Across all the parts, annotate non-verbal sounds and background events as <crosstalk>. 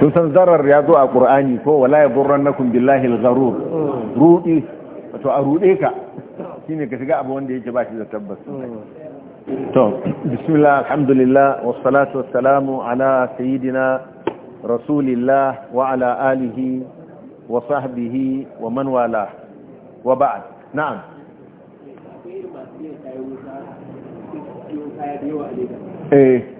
sun san zarar ya zo a ƙur'ani ko wala ya burran nakun billahi al-gharur rudi to a rude ka ne ka shiga abu wanda yake ba shi da tabbas to bismillah alhamdulillah wassalatu wassalamu ala sayyidina rasulillah wa ala alihi wa sahbihi wa man wala wa ba'd na'am eh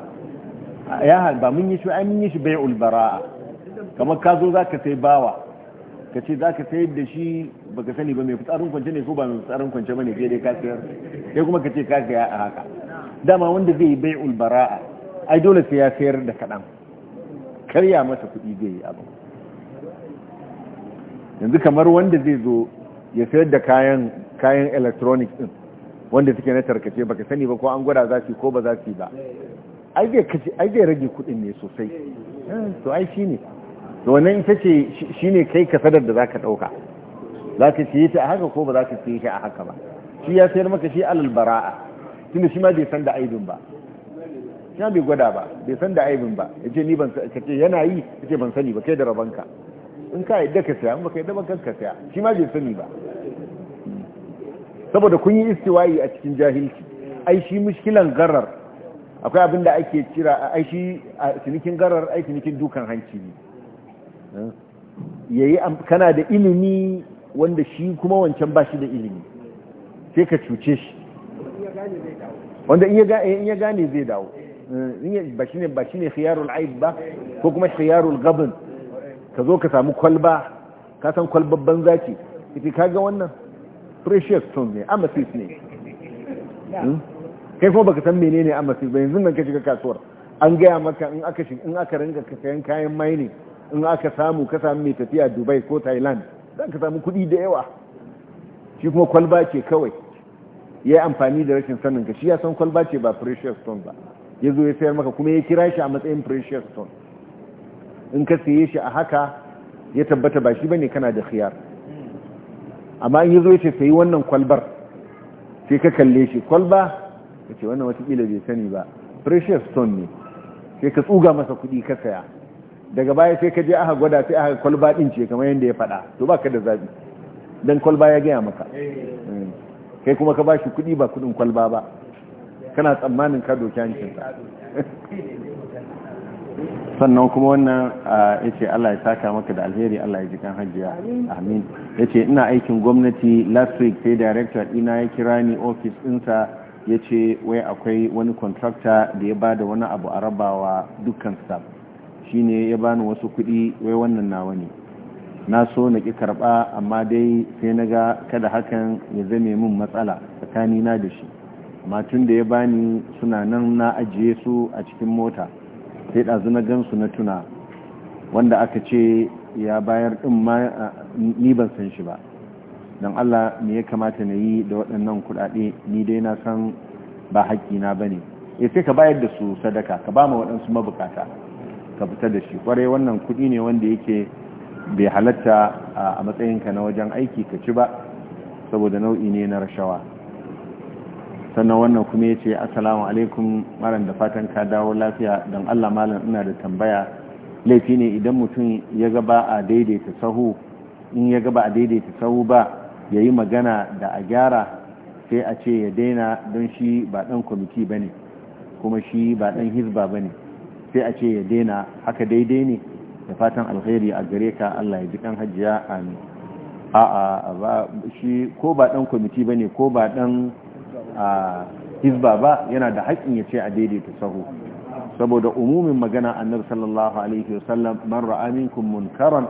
ya halba mun yi shi ai mun yi shi bai ulbara'a kamar ka zo za ka sai bawa ka ce za ka sayar da shi ba ka sani ba mai fitsarin kwance ne ko ba mai fitsarin kwance ba ne sai dai ka sayar sai kuma ka ce ka saya a haka dama wanda zai yi bai ulbara'a ai dole sai ya sayar da kaɗan karya masa kuɗi zai yi abu yanzu kamar wanda zai zo ya sayar da kayan kayan electronics din wanda suke na tarkace baka sani ba ko an gwada za su ko ba za su ba ai zai rage kudin ne sosai eh, to ai shi ne wannan ita ce shi ne kai ka sadar da za ka ɗauka za ka siye ta a haka ko ba za ka siye ta a haka ba shi ya sayar maka shi alal bara'a tunda shi ma bai san da aibin ba shi ma bai gwada ba bai san da aibin ba ya ce ni ban ka ce yana yi ya ce ban sani ba kai da rabanka in ka yadda ka saya in ba ka yadda ban ka saya shi ma bai sani ba saboda kun yi istiwayi a cikin jahilci ai shi mushkilan garar akwai abin da ake cira a aishi a cinikin garar aiki cinikin dukan hanci ne yayi kana da ilimi wanda shi kuma wancan ba shi da ilimi sai ka cuce shi wanda in ya gane zai dawo ba shi ne ba shi ne khiyarul aib ba ko kuma khiyarul gabin ka zo ka samu kwalba ka san kwalbabban zaki ita kaga wannan precious stone ne amethyst ne hmm? kai kuma baka san menene a masu yanzu nan ka shiga kasuwar an gaya maka in aka shi in aka ringa sayan kayan mining in aka samu ka samu mai tafiya Dubai ko Thailand za ka samu kuɗi da yawa shi kuma kwalba ce kawai ya yi amfani da rashin sanin ka shi ya san kwalba ce ba precious stone ba ya zo ya sayar maka kuma ya kira shi a matsayin precious stone in ka saye shi a haka ya tabbata ba shi bane kana da khiyar amma in ya zo ya ce sayi wannan kwalbar sai ka kalle shi kwalba ce wannan watakila bai sani ba precious stone ne sai ka tsuga masa kuɗi ka saya daga baya sai ka je aka gwada sai aka kwalba ɗin ce kamar yadda ya faɗa to baka da zabi dan kwalba ya gaya maka eh. kai kuma ka bashi kuɗi ba kuɗin kwalba ba kana tsammanin ka doki hancinsa sannan kuma wannan ya ce Allah ya saka maka da alheri Allah ya ji kan hajiya amin ya ce ina aikin gwamnati last week sai director ina ya kira ni ofis dinsa. ya ce wai akwai wani kontrakta da ya ba da wani abu a rabawa dukkan staff shi ne ya bani wasu kuɗi wai wannan nawa ne na so na ƙi karɓa amma dai sai na ga kada hakan ya zame min matsala tsakani na da shi matun da ya bani suna nan na ajiye su a cikin mota sai ɗazu na gansu na tuna wanda aka ce ya bayar ɗin ma ni ban san shi ba don Allah me ya kamata na yi da waɗannan kuɗaɗe ni dai na san ba na ba ne ya eh, sai ka bayar da su sadaka ka ba ma waɗansu mabukata ka fita da shi ƙwarai wannan kuɗi ne wanda yake bai halatta a matsayinka na wajen aiki ka ci ba saboda nau'i ne na rashawa sannan wannan kuma ya ce assalamu alaikum maran da fatan ka dawo lafiya don allah malam ina da tambaya laifi ne idan mutum ya gaba a daidaita sahu in ya gaba a daidaita sahu ba ya yi magana da a gyara sai a ce ya daina don shi ba ɗan kwamiti ba ne kuma shi ba ɗan hizba ba ne sai a ce ya daina haka daidai ne da fatan alheri a gare ka Allah ya ji kan hajjiya amin a'a ba shi ko ba ɗan kwamiti ba ne ko ba ɗan hizba ba yana da haƙƙin ya ce a daidaita sahu saboda umumin magana annabi sallallahu alaihi wasallam man ra'a minkum munkaran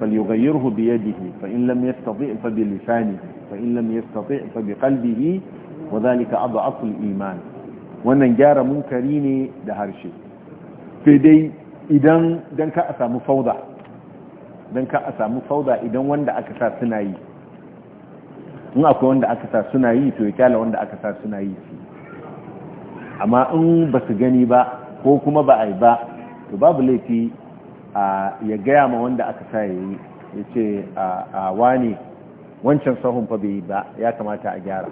فليغيره بيده فإن لم يستطيع فبلسانه فإن لم يستطيع فبقلبه وذلك أضعف الإيمان wannan gyara munkari ne da harshe sai dai idan don ka a samu fauda don ka a samu fauda idan wanda aka sa suna yi in akwai wanda aka sa suna yi to ya kyala wanda aka sa suna yi amma in ba su gani ba ko kuma ba a yi ba to babu laifi ya gaya ma wanda aka sa ya yi ya ce a wani wancan sahun fa bai ba ya kamata a gyara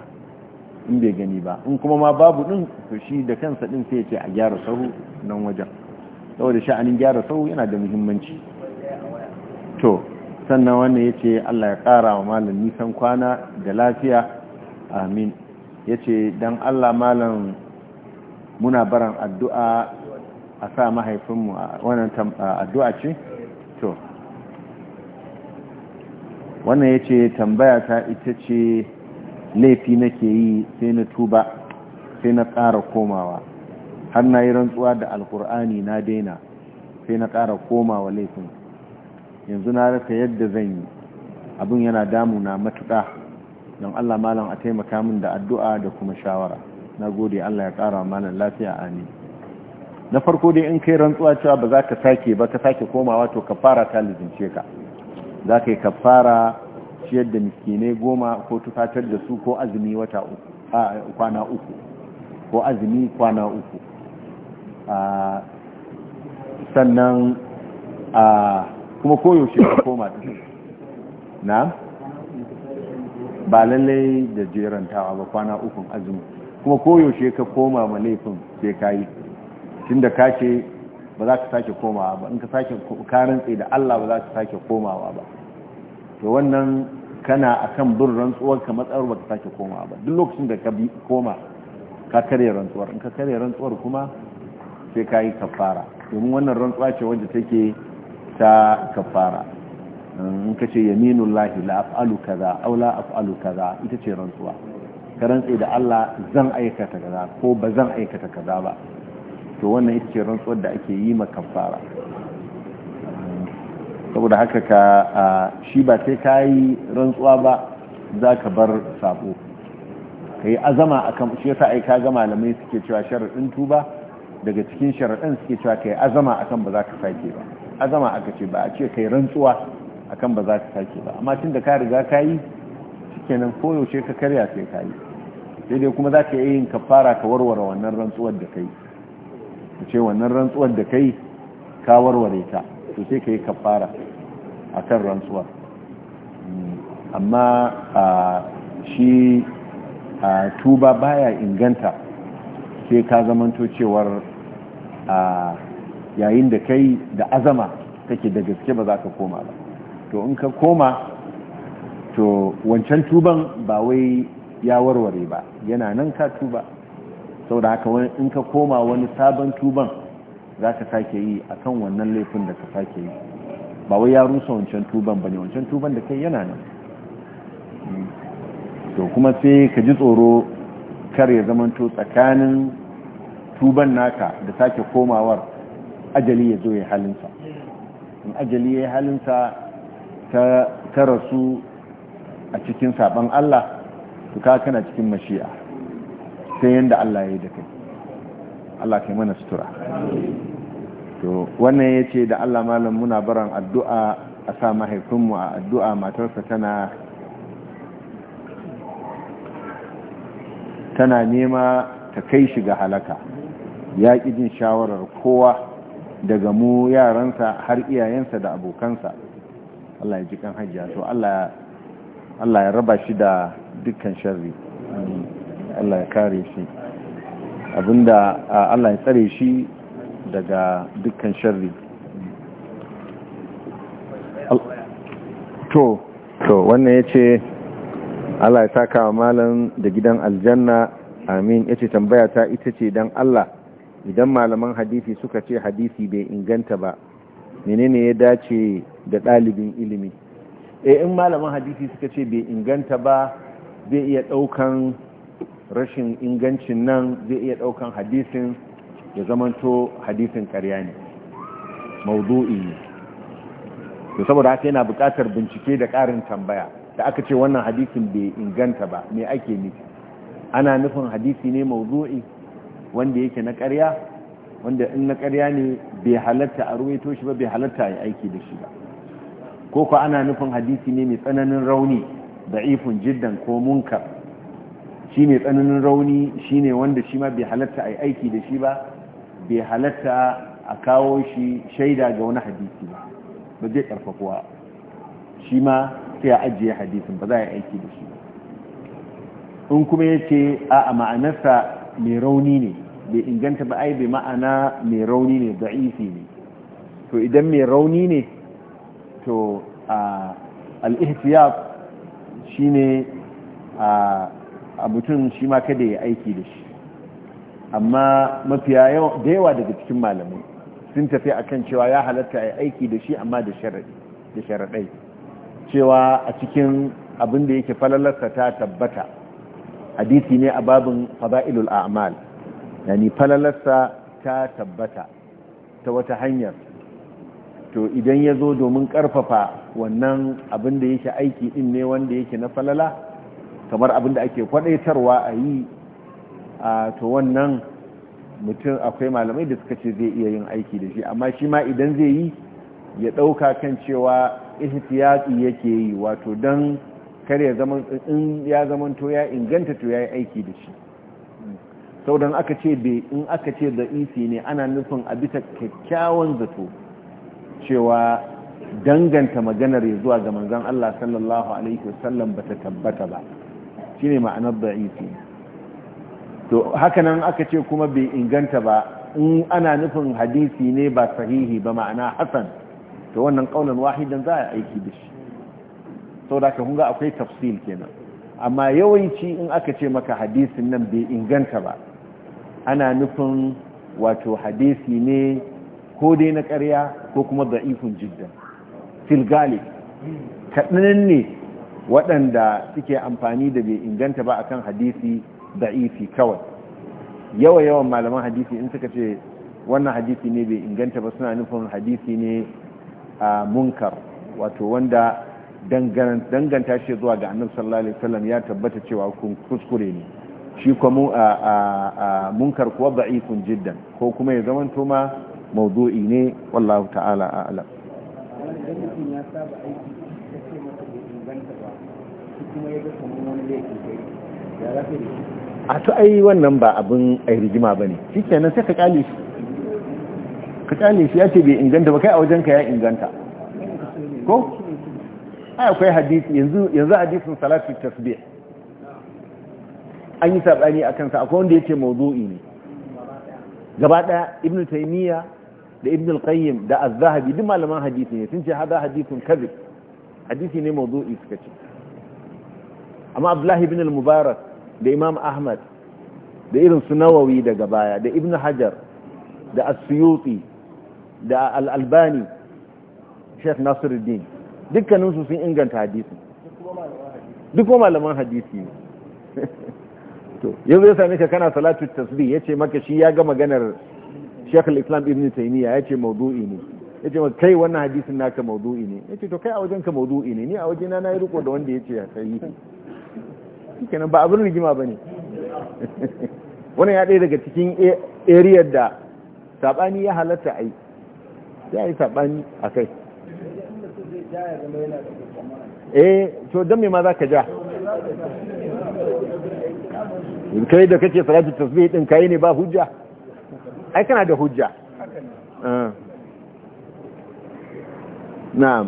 in bai gani ba in kuma ma babu din to shi da kansa din sai ya ce a gyara sahu nan wajen saboda sha'anin gyara sahu yana da muhimmanci to sannan wannan ya ce allah ya kara wa malam nisan kwana da lafiya amin ya ce don allah malam muna baran addu'a a sa mahaifinmu a wannan addu'a ce? to wannan ya ce tambaya ta ita ce laifi nake yi sai na tuba sai na ƙara komawa har na yi rantsuwa da alkur'ani na daina sai na ƙara komawa laifin yanzu na rasa yadda zan yi abin yana damu na matuƙa don allah malam a taimaka min da addu'a da kuma shawara na gode allah ya ƙara malam lafiya amin na farko dai in kai rantsuwa cewa ba za ka sake ba ka sake komawa to kafara ta lizince ka za ka yi kafara ciyar da miskinai goma ko tufatar da su ko azumi wata kwana uku ko azumi kwana uku sannan kuma koyaushe ka koma ɗin na ba lallai da jerantawa ba kwana ukun azumi kuma koyaushe ka koma ma laifin sai ka yi tun ka ce ba za ka sake komawa ba in ka sake karin tsaye da Allah ba za ka sake komawa ba to wannan kana akan bin rantsuwar ka matsayar ba ka sake komawa ba duk lokacin da ka bi koma ka karya rantsuwar in ka karya rantsuwar kuma sai ka yi kafara domin wannan rantsuwa ce wanda take ta kafara in ka ce yaminu lahi la af'alu kaza aw la af'alu kaza ita ce rantsuwa ka rantse da Allah zan aikata kaza ko ba zan aikata kaza ba to wannan ita ce rantsuwar da ake yi ma kafara saboda haka ka shi ba sai ka yi rantsuwa ba za ka bar sabo ka yi azama a kan shi yasa aika ga malamai suke cewa sharaɗin tuba daga cikin sharaɗin suke cewa ka yi azama a kan ba za ka sake ba azama aka ce ba a ce ka yi rantsuwa a kan ba za ka sake ba amma tun da ka riga ka yi kenan koyaushe ka karya sai ka yi sai dai kuma za ka yi yin kafara ka warware wannan rantsuwar da ka yi ce wannan rantsuwar da kai ka warware ta to sai ka yi kafara a kan rantsuwar amma shi tuba baya inganta sai ka zamanto cewar yayin da kai da azama kake da gaske ba za ka koma ba to in ka koma to wancan tuban ba wai ya warware ba yana nan ka tuba Sau saboda haka in ka koma wani sabon tuban za ka sake yi a kan wannan laifin da ka sake yi ba wai ya rusa wancan tuban ba ne wancan tuban da kai yana nan to kuma sai ka ji tsoro kar ya zamanto tsakanin tuban naka da sake komawar ajali ya zo ya halinsa in ajali ya halinsa ta rasu a cikin saban Allah to ka kana cikin mashi'a sai yadda Allah ya yi da kai Allah kai mana sutura to wannan ya ce da Allah malam muna baran addu'a a sa mahaifinmu a addu'a matarsa tana tana nema ta kai shi ga halaka ya ƙi jin shawarar kowa daga mu yaransa har iyayensa da abokansa Allah ya ji kan hajjiya to Allah ya raba shi da dukkan sharri Allah ya kare shi abinda Allah ya tsare shi daga dukkan sharri to to wannan yace Allah ya saka wa malam da gidan aljanna amin yace tambaya ta ita ce dan Allah idan malaman hadisi suka ce hadisi bai inganta ba menene ya dace da ɗalibin ilimi eh in malaman hadisi suka ce bai inganta ba zai iya ɗaukan rashin ingancin nan zai iya daukan hadisin ya zamanto hadisin karya ne maudu'i ne to saboda haka yana buƙatar bincike da ƙarin tambaya da aka ce wannan hadisin bai inganta ba me ake nufi ana nufin hadisi ne maudu'i wanda yake na ƙarya wanda in na ƙarya ne bai halatta a ruwaito shi ba bai halatta a yi aiki da shi ba ko ana nufin hadisi ne mai tsananin rauni da da'ifun jiddan ko munkar shi ne tsananin rauni shi ne wanda shi ma bai halatta a aiki da shi ba bai halatta a kawo shi shaida ga wani hadisi ba ba zai karfafuwa shi ma sai a ajiye hadisin ba za a yi aiki da shi in kuma ya ce a ma'anarsa mai rauni ne bai inganta ba ai bai ma'ana mai rauni ne isi ne to idan mai rauni ne to al-ihtiyab shine a a mutum shi ma kada ya aiki da shi amma mafiya da yawa daga cikin malamai sun tafi a kan cewa ya halatta a aiki da shi amma da sharaɗai cewa a cikin abin da yake falalarsa ta tabbata hadisi ne a babin fada'ilul a'mal yani falalarsa ta tabbata ta wata hanyar to idan ya zo domin karfafa wannan abin da yake aiki din ne wanda yake na falala kamar abin da ake kwadaitarwa a yi a to wannan mutum akwai malamai da suka ce zai iya yin aiki da shi amma shi ma idan zai yi ya ɗauka kan cewa ihtiyati yake yi wato don kar ya zama ya to ya inganta to ya yi aiki da shi sau don aka ce bai in aka ce da isi ne ana nufin a bisa kyakkyawan zato cewa danganta maganar ya zuwa ga manzon Allah sallallahu alaihi wasallam bata tabbata ba shine ma'anar da'ifi to hakanan aka ce kuma bai inganta ba in ana nufin hadisi ne ba sahihi ba ma'ana hasan to wannan kaunar wahidan za a aiki da shi sau da ka kunga akwai tafsil kenan amma yawanci in aka ce maka hadisin nan bai inganta ba ana nufin wato hadisi ne ko dai na karya ko kuma da'ifun jiddan filgali kaɗanin ne waɗanda suke amfani da bai inganta ba akan hadisi da'ifi kawai yawa yawan malaman hadisi in suka ce wannan hadisi ne bai inganta ba suna nufin hadisi ne a munkar wato wanda danganta shi zuwa ga annabi sallallahu alaihi wasallam ya tabbata cewa kun kuskure ne shi kuma a munkar kuwa da'ifun jiddan ko kuma ya zamanto ma mawdu'i ne wallahu ta'ala a'lam a to ai wannan ba abin ai rigima ba ne shi kenan sai ka kyale shi ka kyale shi ya ce bai inganta ba kai a wajenka ya inganta ko ai akwai hadisi yanzu yanzu hadisin salatu tasbih an yi sabani akan sa akwai wanda yace mawdu'i ne gaba daya ibnu taymiya da ibn al-qayyim da az-zahabi duk malaman hadisi ne sun ce hada hadithun kadhib hadisi ne mawdu'i suka ce amma abdullahi bin al-mubarak da imam ahmad da irin su nawawi daga baya da ibn hajar da asuyuti da al-albani sheikh nasiruddin dukkaninsu sun inganta hadisi duk kuma malaman hadisi ne <laughs> to yanzu ya same ka kana salatu tasbih yace maka shi ya ga maganar Sheikh al-Islam Ibn Taymiyyah yace maudu'i ne yace maka kai wannan hadisin naka maudu'i ne yace to kai a wajenka mawdu'i maudu'i ne ni a wajena na yi riko da wanda yace sahihi kenan ba abin rigima ba ne wani ya ɗaya daga cikin ariyar da saɓani ya halatta a yi ya yi saɓani a kai eh to don mai ma za ka ja kai da kake salatu tasbih din kai ne ba hujja ai kana da hujja ah. na'am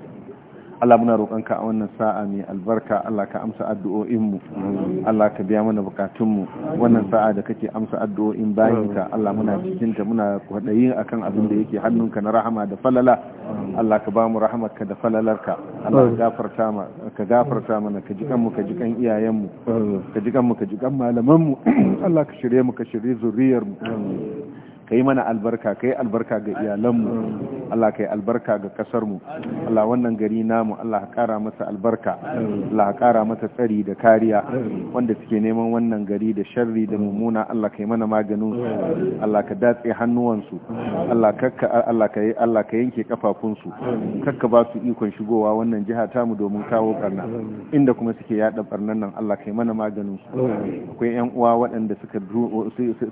Allah muna roƙonka a wannan sa'a mai albarka Allah ka amsa addu'o'inmu Allah ka biya mana bukatunmu wannan sa'a da kake amsa addu'o'in bayinka Allah muna cikinta muna kwaɗayi akan abin da yake hannunka na rahama da falala Allah ka ba mu rahamarka da falalarka Allah ka gafarta mana ka ji kanmu ka ji kan iyayenmu ka ji kanmu ka ji kan malamanmu <clears throat> Allah ka shirye mu ka shirye zuriyarmu ka yi mana albarka ka yi albarka ga iyalanmu Allah ka yi albarka ga ƙasarmu Allah wannan gari namu Allah kara masa albarka Allah ƙara masa tsari da kariya wanda suke neman wannan gari da sharri da mummuna Allah ka yi mana maganin Allah ka datse hannuwansu Allah ka yanke kafafunsu kakka ba su ikon shigowa wannan jiha mu domin kawo barna inda kuma suke yada barnan nan Allah ka yi mana maganin akwai yan uwa waɗanda suka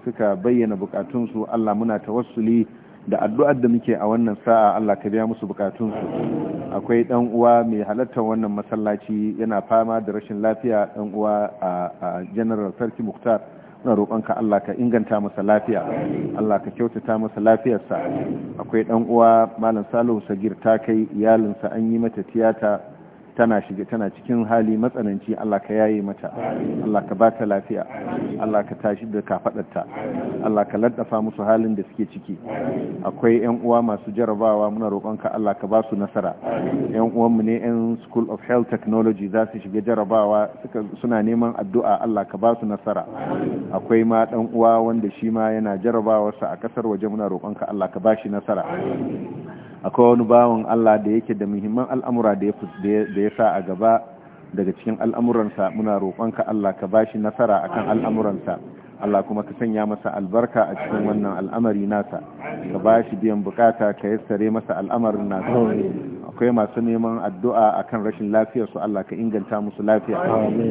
suka bayyana bukatunsu Allah Allah muna tawassuli da addu'ar da muke a wannan sa'a Allah ka biya musu bukatunsu akwai ɗan uwa mai halartar wannan masallaci yana fama da rashin lafiya ɗan uwa a general sarki muktar na roƙonka Allah ka inganta masa lafiya Allah ka kyautata masa lafiyarsa akwai ɗan uwa malam salihu sagir ta kai iyalinsa an yi mata tiyata tana shige tana cikin hali matsananci Allah ka yaye mata Allah ka ba ta lafiya Allah ka tashi da kafadarta Allah ka laddafa musu halin da suke ciki akwai yan uwa masu jarabawa muna roƙonka Allah ka ba su nasara yan uwan mu ne yan School of Health Technology za su shiga jarabawa suna neman addu'a Allah ka ba su nasara akwai ma dan uwa wanda shi ma yana jarabawarsa a kasar waje muna roƙonka Allah ka ba shi nasara akwai wani bawan Allah da yake da muhimman al'amura da ya sa a gaba daga cikin al'amuransa muna roƙonka Allah ka bashi nasara a kan al'amuransa Allah kuma ka sanya masa albarka a cikin wannan al'amari nasa ka bashi biyan bukata ka yassare masa al'amarin nasa akwai masu neman addu'a akan rashin lafiyar su Allah ka inganta musu lafiya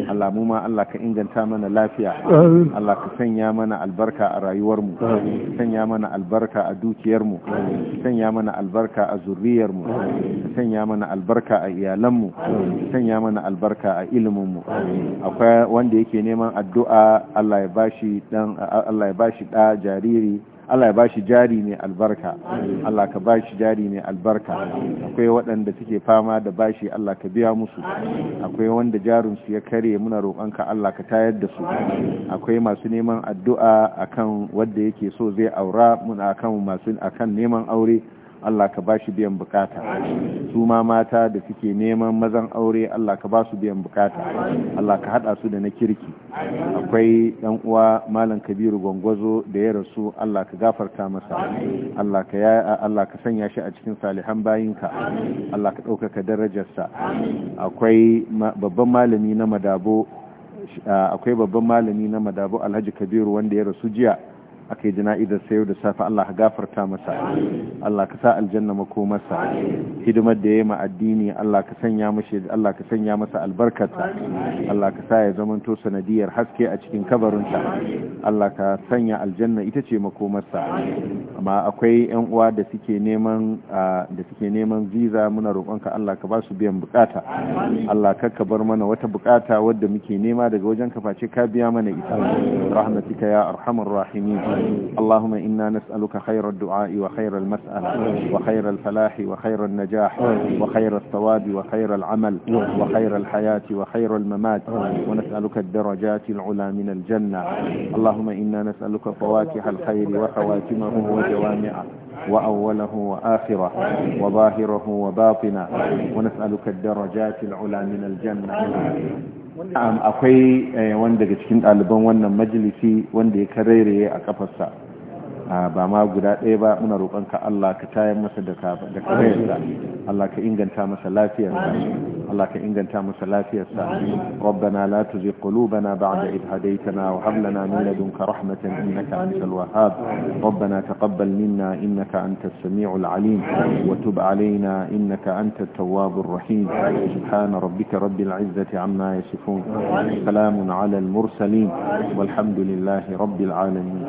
Allah mu ma Allah ka inganta mana lafiya Allah ka sanya mana albarka a rayuwarmu. mu sanya mana albarka a dukiyarmu. mu sanya mana albarka a zuriyar mu sanya mana albarka a iyalanmu. mu sanya mana albarka a ilimin mu akwai wanda yake neman addu'a Allah ya bashi dan Allah jariri Allah ya ba shi jari ne albarka Allah ka ba shi jari ne albarka akwai waɗanda suke fama da bashi Allah ka biya musu akwai wanda jarinsu ya kare muna roƙonka Allah ka tayar da su akwai masu neman addu'a akan wanda yake so zai aura muna akan masu akan neman aure Allah ka ba shi biyan bukata su ma mata da suke neman mazan aure Allah ka ba su biyan bukata Allah ka hada su da na kirki akwai dan uwa malam kabiru gwangwazo da ya rasu Allah ka gafarta masa Allah ka ya Allah ka sanya shi a cikin salihan bayinka Allah ka ɗaukaka darajarsa akwai babban malami na madabo akwai babban malami na madabo alhaji kabiru wanda ya rasu jiya aka yi jana'izar sayo da safe Allah ka gafarta masa Allah ka sa aljanna makomarsa hidimar da ya ma addini Allah ka sanya mashi Allah ka sanya masa albarkarsa Allah ka sa ya zamanto sanadiyar haske a cikin kabarinsa Allah ka sanya aljanna ita ce makomarsa amma akwai yan uwa da suke neman da suke neman visa muna ka Allah ka ba su biyan bukata Allah ka ka bar mana wata bukata wadda muke nema daga wajen ka face ka biya mana ita rahmatika ya arhamar rahimin اللهم إنا نسألك خير الدعاء وخير المسألة وخير الفلاح وخير النجاح وخير الثواب وخير العمل وخير الحياة وخير الممات ونسألك الدرجات العلى من الجنة اللهم إنا نسألك فواكه الخير وخواتمه وجوامعه وأوله وآخره وظاهره وباطنه ونسألك الدرجات العلى من الجنة akwai eh, wani daga cikin ɗaliban wannan majalisi wanda ya karairaye a kafarsa ah, ba ma guda ɗaya ba muna roƙonka Allah ka tayar masa da karayarsa Allah ka inganta masa lafiyar lafiyarsa الله كإنجن تامس لا ربنا لا تزغ قلوبنا بعد إذ هديتنا وهب لنا من لدنك رحمة إنك أنت الوهاب ربنا تقبل منا إنك أنت السميع العليم وتب علينا إنك أنت التواب الرحيم سبحان ربك رب العزة عما يصفون سلام على المرسلين والحمد لله رب العالمين